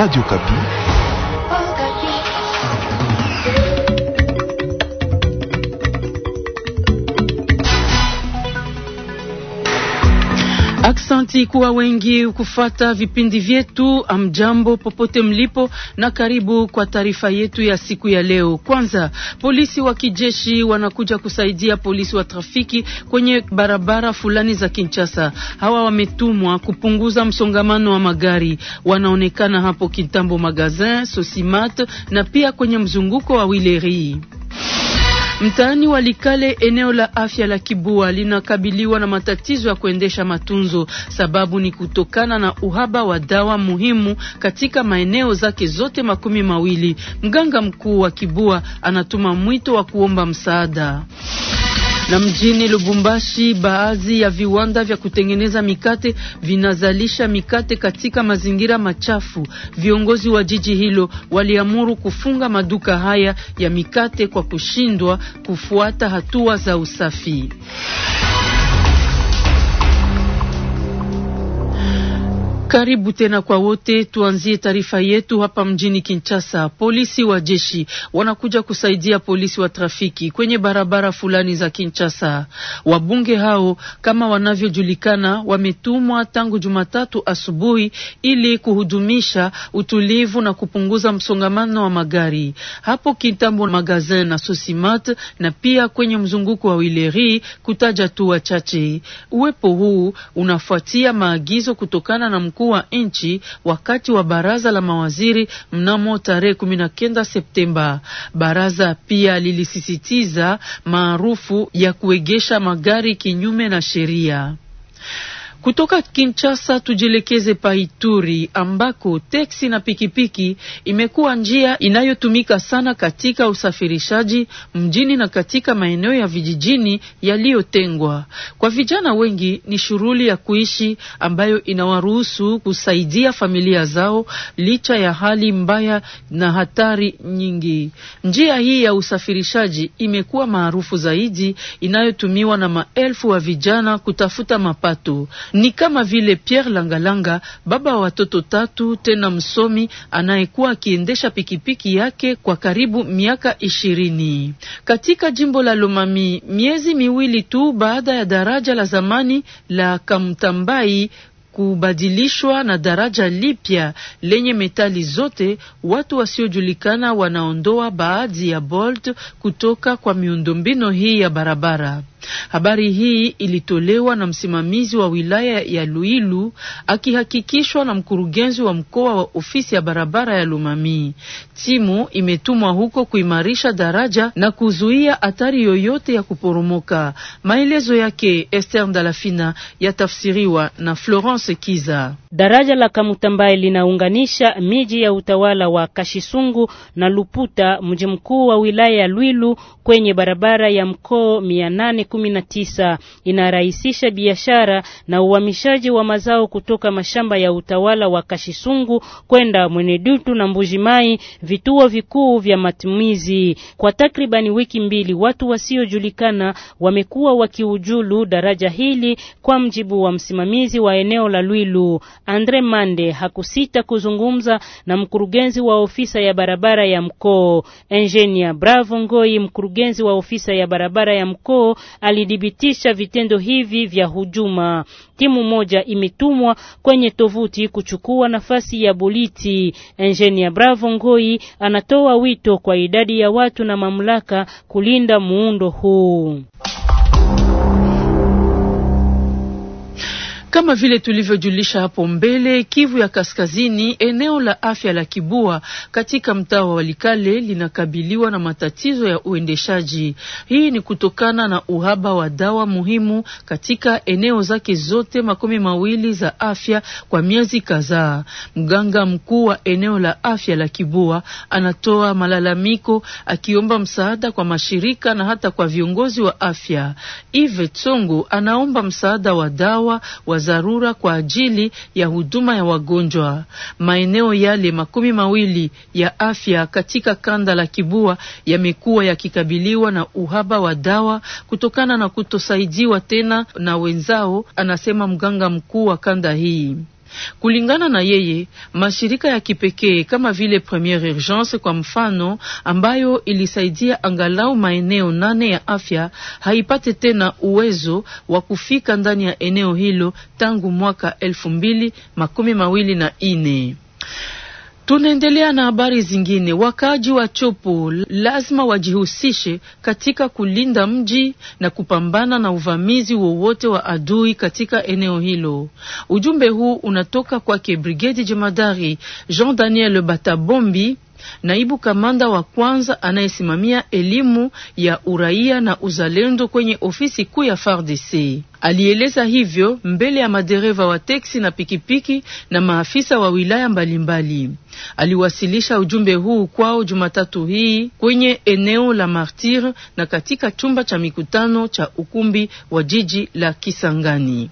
Radio Kapi. Asanti kuwa wengi kufata vipindi vyetu. Amjambo popote mlipo, na karibu kwa taarifa yetu ya siku ya leo. Kwanza, polisi wa kijeshi wanakuja kusaidia polisi wa trafiki kwenye barabara fulani za Kinshasa. Hawa wametumwa kupunguza msongamano wa magari, wanaonekana hapo kitambo Magazin, Sosimat na pia kwenye mzunguko wa Wileri. Mtaani wa Likale, eneo la afya la Kibua linakabiliwa na matatizo ya kuendesha matunzo. Sababu ni kutokana na uhaba wa dawa muhimu katika maeneo zake zote makumi mawili. Mganga mkuu wa Kibua anatuma mwito wa kuomba msaada. Na mjini Lubumbashi, baadhi ya viwanda vya kutengeneza mikate vinazalisha mikate katika mazingira machafu. Viongozi wa jiji hilo waliamuru kufunga maduka haya ya mikate kwa kushindwa kufuata hatua za usafi. Karibu tena kwa wote. Tuanzie taarifa yetu hapa mjini Kinshasa. Polisi wa jeshi wanakuja kusaidia polisi wa trafiki kwenye barabara fulani za Kinshasa. Wabunge hao kama wanavyojulikana, wametumwa tangu Jumatatu asubuhi ili kuhudumisha utulivu na kupunguza msongamano wa magari hapo Kitambo, Magazin na Sosimat, na pia kwenye mzunguko wa Wileri, kutaja tu wachache. Uwepo huu unafuatia maagizo kutokana na mkuu wa nchi wakati wa baraza la mawaziri mnamo tarehe kenda Septemba. Baraza pia lilisisitiza maarufu ya kuegesha magari kinyume na sheria. Kutoka Kinshasa tujielekeze paituri ambako teksi na pikipiki imekuwa njia inayotumika sana katika usafirishaji mjini na katika maeneo ya vijijini yaliyotengwa. Kwa vijana wengi ni shughuli ya kuishi ambayo inawaruhusu kusaidia familia zao licha ya hali mbaya na hatari nyingi. Njia hii ya usafirishaji imekuwa maarufu zaidi inayotumiwa na maelfu wa vijana kutafuta mapato ni kama vile Pierre Langalanga, baba wa watoto tatu, tena msomi anayekuwa akiendesha pikipiki yake kwa karibu miaka ishirini katika jimbo la Lomami. Miezi miwili tu baada ya daraja la zamani la Kamtambai kubadilishwa na daraja lipya lenye metali zote, watu wasiojulikana wanaondoa baadhi ya bolt kutoka kwa miundombinu hii ya barabara. Habari hii ilitolewa na msimamizi wa wilaya ya Luilu akihakikishwa na mkurugenzi wa mkoa wa ofisi ya barabara ya Lumami. Timu imetumwa huko kuimarisha daraja na kuzuia athari yoyote ya kuporomoka. Maelezo yake Esther dalafina yatafsiriwa na Florence Kiza. Daraja la Kamutambaye linaunganisha miji ya utawala wa Kashisungu na Luputa, mji mkuu wa wilaya ya lwilu kwenye barabara ya mkoo 19 inarahisisha biashara na uhamishaji wa mazao kutoka mashamba ya utawala wa Kashisungu kwenda Mwenedutu na Mbujimai, vituo vikuu vya matumizi. Kwa takribani wiki mbili, watu wasiojulikana wamekuwa wakiujulu daraja hili, kwa mjibu wa msimamizi wa eneo la Lwilu. Andre Mande hakusita kuzungumza na mkurugenzi wa ofisa ya barabara ya mkoo Engineer Bravo Ngoi, mkurugenzi wa ofisa ya barabara ya mkoo alidhibitisha vitendo hivi vya hujuma. Timu moja imetumwa kwenye tovuti kuchukua nafasi ya Boliti. Engineer Bravo Ngoi anatoa wito kwa idadi ya watu na mamlaka kulinda muundo huu. Kama vile tulivyojulisha hapo mbele, Kivu ya Kaskazini, eneo la afya la Kibua katika mtaa wa Walikale linakabiliwa na matatizo ya uendeshaji. Hii ni kutokana na uhaba wa dawa muhimu katika eneo zake zote makumi mawili za afya kwa miezi kadhaa. Mganga mkuu wa eneo la afya la Kibua anatoa malalamiko akiomba msaada kwa mashirika na hata kwa viongozi wa afya. Ive Tsongo anaomba msaada wa dawa wa dharura kwa ajili ya huduma ya wagonjwa. Maeneo yale makumi mawili ya afya katika kanda la Kibua yamekuwa yakikabiliwa na uhaba wa dawa kutokana na kutosaidiwa tena na wenzao, anasema mganga mkuu wa kanda hii. Kulingana na yeye, mashirika ya kipekee kama vile Premiere Urgence kwa mfano, ambayo ilisaidia angalau maeneo nane ya afya, haipate tena uwezo wa kufika ndani ya eneo hilo tangu mwaka elfu mbili makumi mawili na ine. Tunaendelea na habari zingine. Wakaaji wa Chopo lazima wajihusishe katika kulinda mji na kupambana na uvamizi wowote wa adui katika eneo hilo. Ujumbe huu unatoka kwake Brigedi Jemadari Jean Daniel Batabombi naibu kamanda wa kwanza anayesimamia elimu ya uraia na uzalendo kwenye ofisi kuu ya FARDC. Alieleza hivyo mbele ya madereva wa teksi na pikipiki na maafisa wa wilaya mbalimbali mbali. Aliwasilisha ujumbe huu kwao Jumatatu hii kwenye eneo la Martir na katika chumba cha mikutano cha ukumbi wa jiji la Kisangani.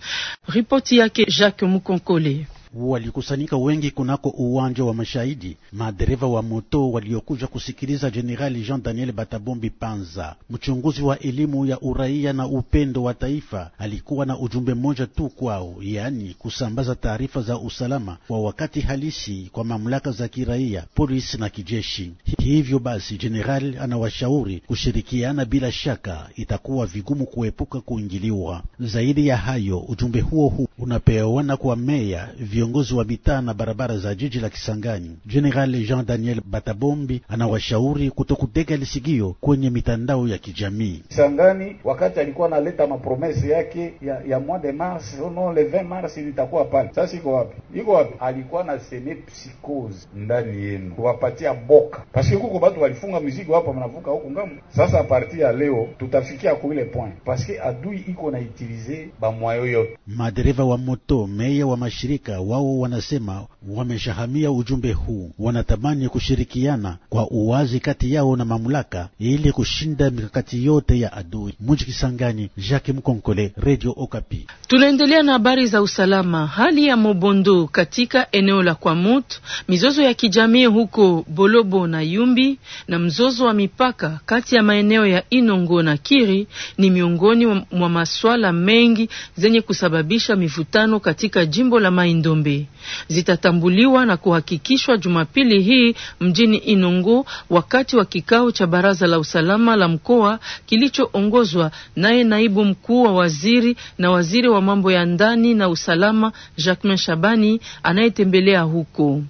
Ripoti yake Jacques Mukonkole walikusanyika wengi kunako uwanja wa mashahidi, madereva wa moto waliokuja kusikiliza Jenerali Jean Daniel Batabombi Panza, mchunguzi wa elimu ya uraia na upendo wa taifa. Alikuwa na ujumbe mmoja tu kwao, yaani kusambaza taarifa za usalama kwa wakati halisi kwa mamlaka za kiraia, polisi na kijeshi. Hivyo basi, jenerali anawashauri kushirikiana, bila shaka itakuwa vigumu kuepuka kuingiliwa. Zaidi ya hayo, ujumbe huo huu unapeana kwa meya viongozi wa mitaa na barabara za jiji la Kisangani. General Jean Daniel Batabombi anawashauri kutokutega lisigio kwenye mitandao ya kijamii. Kisangani wakati alikuwa analeta mapromese yake ya, ya mois de mars oh no le 20 mars litakuwa pale, sasa iko wapi? Iko wapi? Alikuwa na seme psikose ndani yenu kuwapatia boka paske kuko batu walifunga mizigo hapa, mnavuka huku ngamu. Sasa parti ya leo tutafikia kuile point paske adui iko na utilize bamwayo yote, madereva wa moto, meya wa mashirika wao wanasema wameshahamia ujumbe huu, wanatamani kushirikiana kwa uwazi kati yao na mamlaka ili kushinda mikakati yote ya adui. Muji Kisangani, Jacques Mkonkole, Radio Okapi. Tunaendelea na habari za usalama. Hali ya Mobondo katika eneo la Kwamut, mizozo ya kijamii huko Bolobo na Yumbi na mzozo wa mipaka kati ya maeneo ya Inongo na Kiri ni miongoni mwa maswala mengi zenye kusababisha mivutano katika jimbo la Maindombe pombe zitatambuliwa na kuhakikishwa Jumapili hii mjini Inongo wakati wa kikao cha baraza la usalama la mkoa kilichoongozwa naye naibu mkuu wa waziri na waziri wa mambo ya ndani na usalama Jacquemain Shabani anayetembelea huko.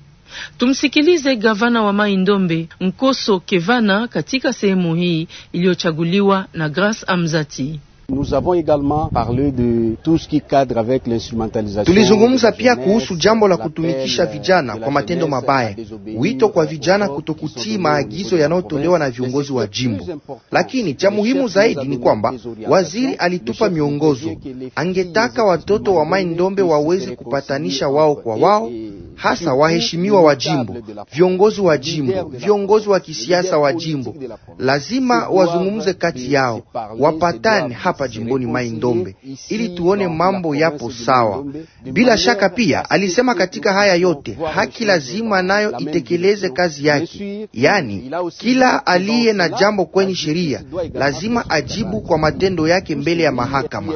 Tumsikilize gavana wa Mai Ndombe Nkoso Kevana katika sehemu hii iliyochaguliwa na Grace Amzati. Nous avons également parlé de tout ce qui cadre avec l'instrumentalisation. Tulizungumza pia kuhusu jambo la kutumikisha vijana kwa matendo mabaya, wito kwa vijana kutokutii maagizo yanayotolewa na viongozi wa jimbo. Lakini cha muhimu zaidi ni kwamba waziri alitupa miongozo, angetaka watoto wa Mai Ndombe waweze kupatanisha wao kwa wao hasa waheshimiwa wa jimbo, viongozi wa jimbo, viongozi wa kisiasa wa jimbo lazima wazungumze kati yao, wapatane hapa hapa jimboni Mai Ndombe ili tuone mambo yapo sawa. Bila shaka pia alisema katika haya yote haki lazima nayo itekeleze kazi yake, yaani kila aliye na jambo kwenye sheria lazima ajibu kwa matendo yake mbele ya mahakama.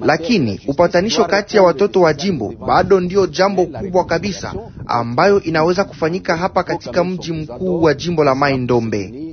Lakini upatanisho kati ya watoto wa jimbo bado ndio jambo kubwa kabisa ambayo inaweza kufanyika hapa katika mji mkuu wa jimbo la Mai Ndombe.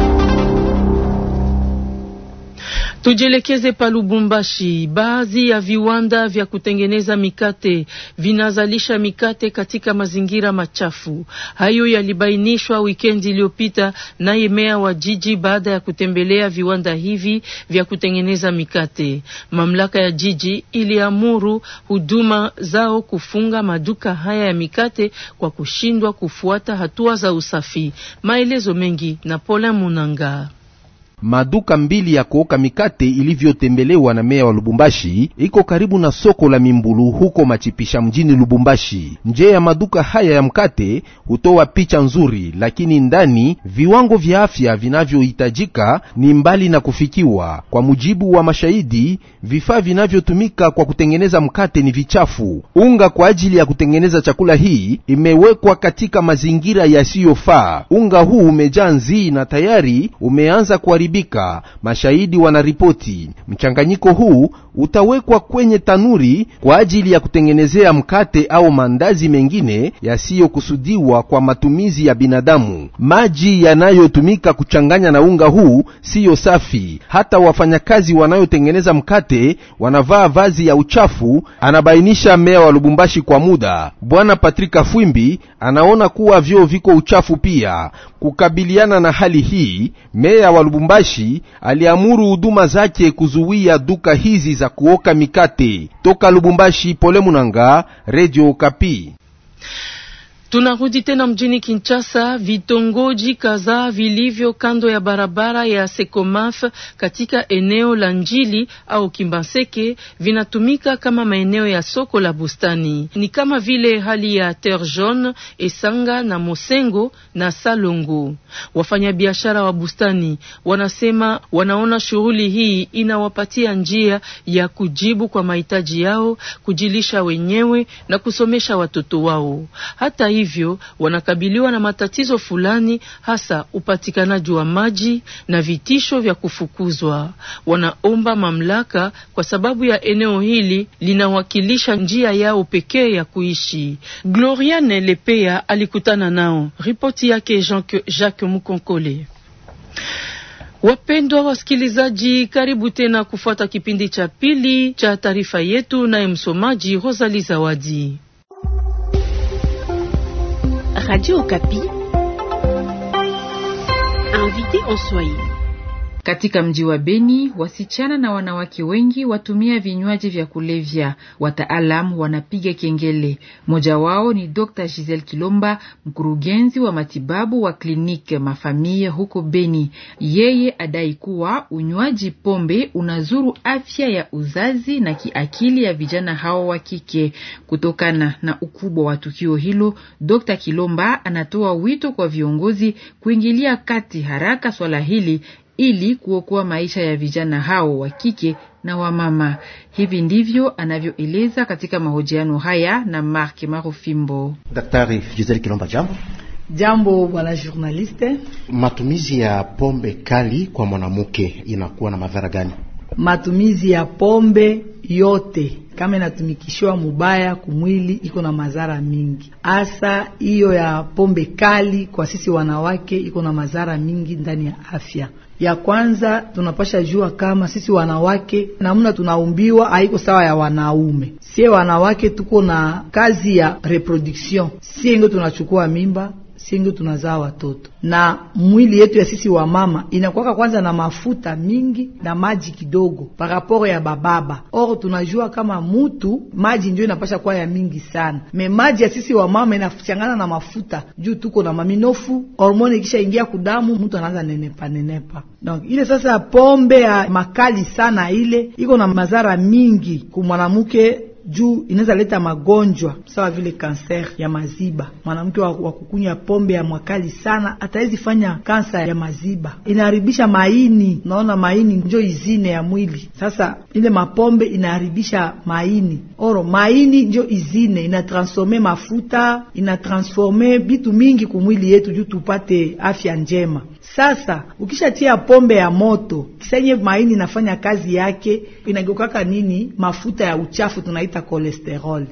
Tujielekeze pa Lubumbashi. Baadhi ya viwanda vya kutengeneza mikate vinazalisha mikate katika mazingira machafu. Hayo yalibainishwa wikendi iliyopita naye meya wa jiji baada ya kutembelea viwanda hivi vya kutengeneza mikate. Mamlaka ya jiji iliamuru huduma zao kufunga maduka haya ya mikate kwa kushindwa kufuata hatua za usafi. Maelezo mengi na Pole Munanga. Maduka mbili ya kuoka mikate ilivyotembelewa na meya wa Lubumbashi iko karibu na soko la Mimbulu huko Machipisha mjini Lubumbashi. Nje ya maduka haya ya mkate hutoa picha nzuri, lakini ndani viwango vya afya vinavyohitajika ni mbali na kufikiwa. Kwa mujibu wa mashahidi, vifaa vinavyotumika kwa kutengeneza mkate ni vichafu. Unga kwa ajili ya kutengeneza chakula hii imewekwa katika mazingira yasiyofaa. Unga huu umejaa nzii na tayari umeanza kuharibu kuharibika, mashahidi wanaripoti. Mchanganyiko huu utawekwa kwenye tanuri kwa ajili ya kutengenezea mkate au mandazi mengine yasiyokusudiwa kwa matumizi ya binadamu. Maji yanayotumika kuchanganya na unga huu siyo safi. Hata wafanyakazi wanayotengeneza mkate wanavaa vazi ya uchafu, anabainisha meya wa Lubumbashi kwa muda. Bwana Patrick Afwimbi anaona kuwa vyoo viko uchafu pia. Kukabiliana na hali hii, meya wa Lubumbashi Yoashi aliamuru huduma zake kuzuia duka hizi za kuoka mikate. Toka Lubumbashi, Pole Munanga, Radio Kapi. Tunarudi tena mjini Kinshasa. Vitongoji kadhaa vilivyo kando ya barabara ya Sekomaf katika eneo la Njili au Kimbaseke vinatumika kama maeneo ya soko la bustani, ni kama vile hali ya Terre Jaune, Esanga na Mosengo na Salongo. Wafanyabiashara wa bustani wanasema wanaona shughuli hii inawapatia njia ya kujibu kwa mahitaji yao, kujilisha wenyewe na kusomesha watoto wao. Hata hivyo wanakabiliwa na matatizo fulani, hasa upatikanaji wa maji na vitisho vya kufukuzwa. Wanaomba mamlaka kwa sababu ya eneo hili linawakilisha njia yao pekee ya kuishi. Gloriane Lepea alikutana nao. Ripoti yake Jacques Mukonkole. Wapendwa wasikilizaji, karibu tena kufuata kipindi cha pili cha taarifa yetu, naye msomaji Rosali Zawadi. Radio Okapi, invité en soi. Katika mji wa Beni, wasichana na wanawake wengi watumia vinywaji vya kulevya. Wataalam wanapiga kengele. Mmoja wao ni Dr Giselle Kilomba, mkurugenzi wa matibabu wa klinike Mafamia huko Beni. Yeye adai kuwa unywaji pombe unazuru afya ya uzazi na kiakili ya vijana hao wa kike. Kutokana na ukubwa wa tukio hilo, Dr Kilomba anatoa wito kwa viongozi kuingilia kati haraka swala hili ili kuokoa maisha ya vijana hao wa kike na wamama. Hivi ndivyo anavyoeleza katika mahojiano haya na Mark Marufimbo. Daktari Giselle Kilomba, jambo. Jambo bwana journaliste. Matumizi ya pombe kali kwa mwanamke inakuwa na madhara gani? Matumizi ya pombe yote kama inatumikishiwa mubaya kumwili, iko na madhara mingi, hasa hiyo ya pombe kali. Kwa sisi wanawake iko na madhara mingi ndani ya afya. Ya kwanza tunapasha jua kama sisi wanawake namna tunaumbiwa haiko sawa ya wanaume. Sie wanawake tuko na kazi ya reproduction, sie ndio tunachukua mimba singi tunazaa watoto na mwili yetu ya sisi wa mama inakwaka kwanza na mafuta mingi na maji kidogo paraporo ya bababa. Or tunajua kama mutu maji ndio inapasha kuwa ya mingi sana, me maji ya sisi wa mama inachangana na mafuta juu tuko na maminofu. Hormone ikisha ingia kudamu, mutu anaanza nenepa nenepa. Donc ile sasa pombe ya makali sana ile iko na madhara mingi kumwanamke juu inaweza leta magonjwa sawa vile kanser ya maziba. Mwanamke wa, kukunywa pombe ya mwakali sana atawezi fanya kansa ya maziba, inaharibisha maini. Unaona, maini njo izine ya mwili. Sasa ile mapombe inaharibisha maini, oro maini njo izine inatransforme mafuta, inatransforme vitu mingi kumwili yetu juu tupate afya njema. Sasa ukishatia pombe ya moto kisenye maini inafanya kazi yake, inageukaka nini? Mafuta ya uchafu tunaita kolesterol.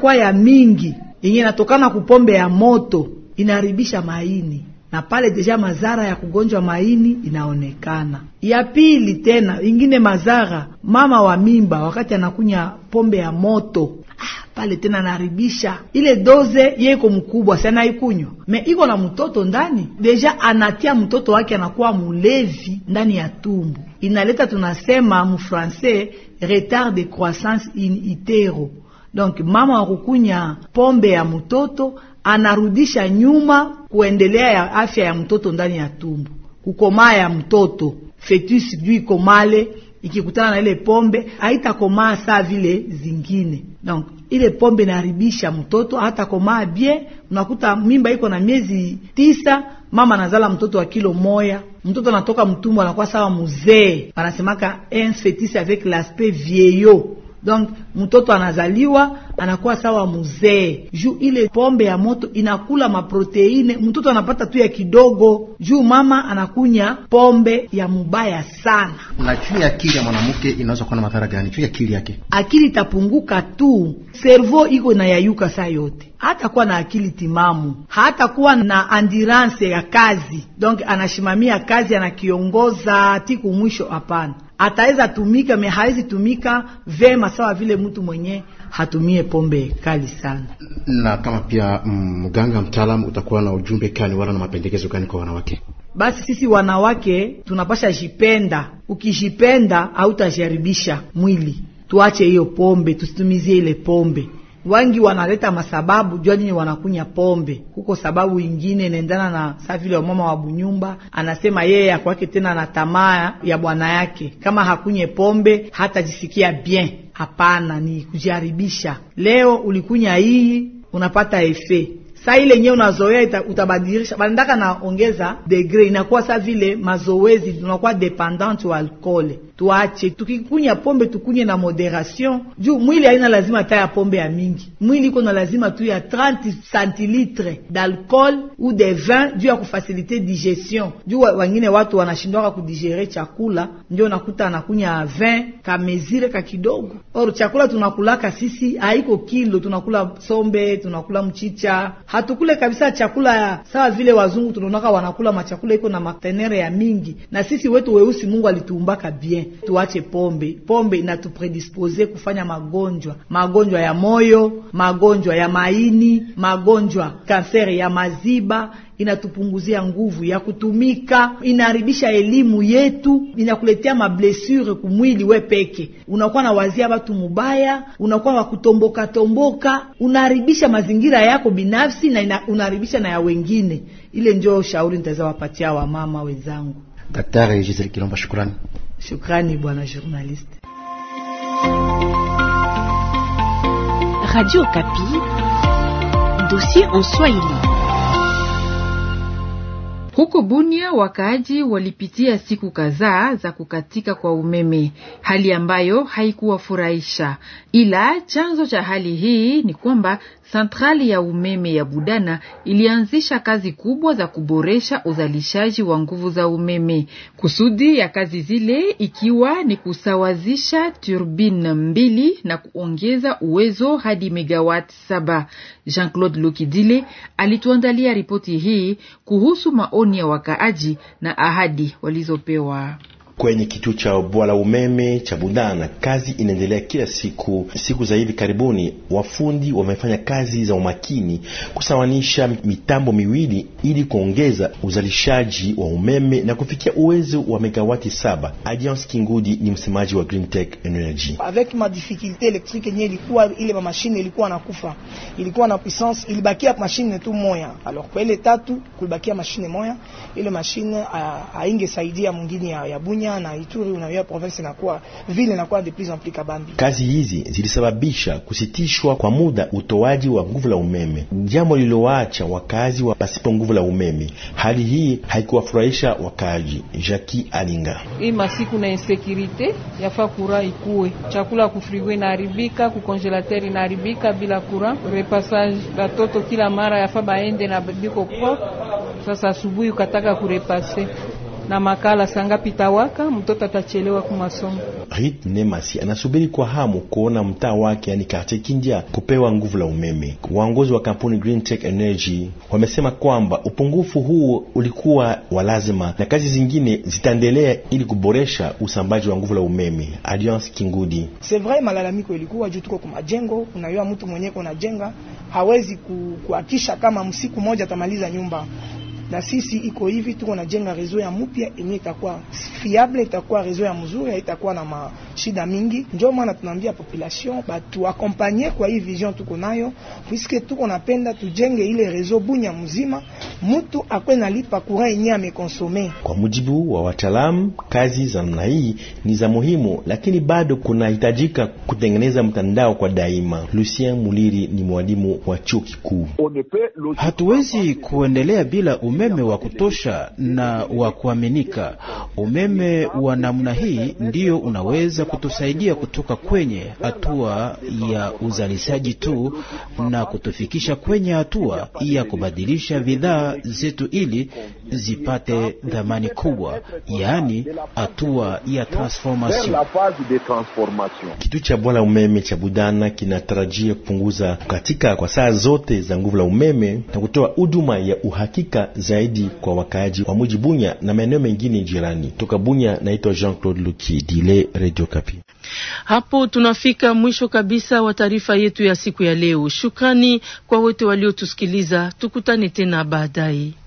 kuwa ya mingi yenye inatokana kupombe ya moto inaharibisha maini na pale deja madhara ya kugonjwa maini inaonekana. Ya pili tena ingine madhara, mama wa mimba wakati anakunya pombe ya moto ah, pale tena naharibisha ile doze. Ye iko mkubwa sana ikunywa me iko na mtoto ndani, deja anatia mtoto wake anakuwa mulevi ndani ya tumbu, inaleta tunasema français retard de croissance in itero. Donc mama wa kukunya pombe ya mtoto anarudisha nyuma kuendelea ya afya ya mtoto ndani ya tumbu, kukomaa ya mtoto fetus juu ikomale ikikutana na ile pombe haitakomaa saa vile zingine. Donc ile pombe inaharibisha mtoto hata komaa bien, unakuta mimba iko na miezi tisa, mama anazala mtoto wa kilo moya, mtoto anatoka mtumbo anakuwa sawa muzee. Wanasemaka un fetus avec l'aspect vieillot Donc mtoto anazaliwa anakuwa sawa muzee, juu ile pombe ya moto inakula maproteine, mtoto anapata tu ya kidogo, juu mama anakunya pombe ya mubaya sana. Na juu ya akili ya mwanamke inaweza kuwa na madhara gani? Juu ya akili yake, akili itapunguka tu, servo iko inayayuka saa yote hata kuwa na akili timamu, hata kuwa na andirance ya kazi, donc anashimamia kazi, anakiongoza tiku mwisho. Hapana, ataweza tumika me hawezi tumika vema sawa vile mtu mwenye hatumie pombe kali sana. Na kama pia mm, mganga mtaalamu utakuwa na ujumbe kani wala na mapendekezo gani kwa wanawake? Basi sisi wanawake tunapasha jipenda. Ukijipenda hautajaribisha mwili. Tuache hiyo pombe, tusitumizie ile pombe wangi wanaleta masababu jua nini wanakunya pombe huko. Sababu ingine inaendana na saa vile wamama wa Bunyumba anasema yeye akwake tena na tamaa ya bwana yake, kama hakunye pombe hatajisikia bien. Hapana, ni kujiharibisha. Leo ulikunya hii unapata efe saa ile nyewe unazoea utabadilisha, bandaka naongeza degre, inakuwa saa vile mazoezi tunakuwa dependant wa alkole tuache. Tukikunya pombe tukunye na moderation, juu mwili haina lazima ta ya pombe ya mingi. Mwili iko na lazima tu ya 30 centilitre d'alcool ou de vin juu ya kufasilite digestion, juu wengine watu wanashindwaka kudigere chakula, ndio nakuta anakunya vin kamezire ka kidogo. Or chakula tunakulaka sisi haiko kilo, tunakula sombe, tunakula mchicha, hatukule kabisa chakula ya sawa vile wazungu tunaonaka wanakula machakula iko na matenere ya mingi, na sisi wetu weusi Mungu alituumbaka bien tuache pombe. Pombe inatupredispose kufanya magonjwa, magonjwa ya moyo, magonjwa ya maini, magonjwa kanseri ya maziba inatupunguzia nguvu ya kutumika, inaharibisha elimu yetu, inakuletea mablesure kumwili. We peke unakuwa na wazia watu mubaya, unakuwa wa tomboka, unaharibisha mazingira yako binafsi na unaharibisha na ya wengine. Ile ndio shauri nitaweza wapatia wamama wenzangu. Daktari Giselle Kilomba, shukrani. Shukrani bwana journaliste. Radio Kapi, dossier en Swahili. Huko Bunia wakaaji walipitia siku kadhaa za kukatika kwa umeme, hali ambayo haikuwafurahisha. Ila chanzo cha hali hii ni kwamba sentrali ya umeme ya Budana ilianzisha kazi kubwa za kuboresha uzalishaji wa nguvu za umeme. Kusudi ya kazi zile ikiwa ni kusawazisha turbine mbili na kuongeza uwezo hadi megawati saba. Jean-Claude Lukidile alituandalia ripoti hii kuhusu maoni maoni ya wakaaji na ahadi walizopewa kwenye kituo cha bwawa la umeme cha Budana. Kazi inaendelea kila siku. Siku za hivi karibuni, wafundi wamefanya kazi za umakini kusawanisha mitambo miwili ili kuongeza uzalishaji wa umeme na kufikia uwezo wa megawati saba. Adiance Kingudi ni msemaji wa Green Tech Energy. Avec ma difficulté électrique yenye ilikuwa ile ma machine ilikuwa nakufa, ilikuwa na puissance, ilibakia machine tu moya, alors kwa ile tatu kulibakia machine moya, ile machine ah, haingesaidia mwingine ya, ya bunya Bunia na Ituri, unaona province inakuwa vile inakuwa de plus en plus kabambi. Kazi hizi zilisababisha kusitishwa kwa muda utoaji wa nguvu la umeme, jambo lililoacha wakazi wa pasipo nguvu la umeme. Hali hii haikuwafurahisha wakazi. Jackie Alinga: hii masiku na insekirite yafaa kura ikuwe chakula kufrigo inaharibika, na inaharibika bila kura repasage, watoto kila mara yafaa baende na biko kwa Sasa asubuhi ukataka kurepase na makala sangapi tawaka mtoto atachelewa kumasomo. Rit Nemasi anasubiri kwa hamu kuona mtaa wake, yani kate Kindia, kupewa nguvu la umeme. Waongozi wa kampuni Green Tech Energy wamesema kwamba upungufu huu ulikuwa wa lazima na kazi zingine zitaendelea ili kuboresha usambaji wa nguvu la umeme. Alliance Kingudi: c'est vrai, malalamiko ilikuwa juu tuko kwa majengo, unayua mtu mwenyewe unajenga hawezi kuhakisha kama msiku mmoja atamaliza nyumba na sisi iko hivi, tuko na jenga rezo ya mupya yenye itakuwa fiable, itakuwa rezo ya mzuri, haitakuwa na mashida mingi. Ndio maana tunaambia population batu akompanye kwa hii vision tuko nayo, puisque tuko napenda tujenge ile rezo bunya mzima, mtu akwe nalipa kura yenye amekonsome. Kwa mujibu wa wataalamu, kazi za namna hii ni za muhimu, lakini bado kunahitajika kutengeneza mtandao kwa daima. Lucien Muliri ni mwalimu wa chuo kikuu. Hatuwezi kuendelea bila um umeme wa kutosha na wa kuaminika. Umeme wa namna hii ndio unaweza kutusaidia kutoka kwenye hatua ya uzalishaji tu na kutufikisha kwenye hatua ya kubadilisha bidhaa zetu ili zipate dhamani kubwa, yaani hatua ya transformation. Kitu cha bwala umeme cha Budana kinatarajia kupunguza katika kwa saa zote za nguvu la umeme na kutoa huduma ya uhakika zaidi kwa wakaaji wa muji Bunya na maeneo mengine jirani. Toka Bunya, naitwa Jean-Claude Luki Dile, Radio Kapi. Hapo tunafika mwisho kabisa wa taarifa yetu ya siku ya leo. Shukrani kwa wote waliotusikiliza, tukutane tena baadaye.